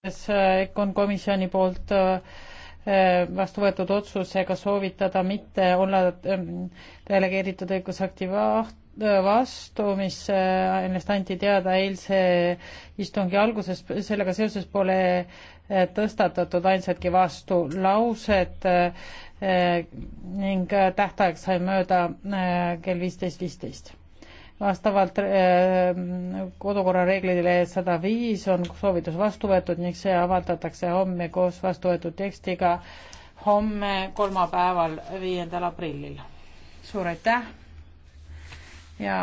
Äh, EKOn komisjoni poolt äh, äh, vastu võetud otsusega soovitada mitte olla ähm, delegeeritud õigusakti vastu, mis ennast anti teada eilse istungi alguses, sellega seoses pole tõstatatud ainsatki vastulauset ning tähtaeg sai mööda kell viisteist viisteist. vastavalt kodukorra reeglile sada viis on soovitus vastu võetud ning see avaldatakse homme koos vastu võetud tekstiga homme kolmapäeval, viiendal aprillil. suur aitäh ja